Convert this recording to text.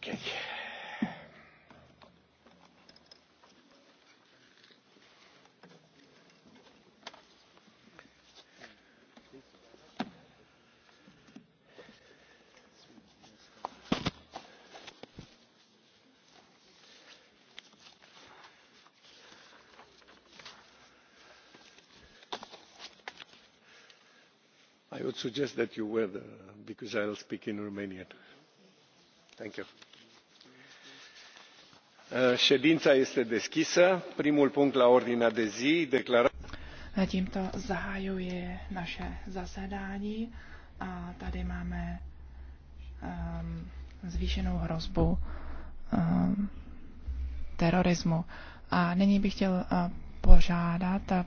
Okay. i would suggest that you wear the, because i will speak in romanian. Uh, ședința este deschisă. primul punct la ordinea de zi declarace. tímto zahajuje naše zasedání a tady máme um, zvýšenou hrozbu um, terorismu. A nyní bych chtěl uh, požádat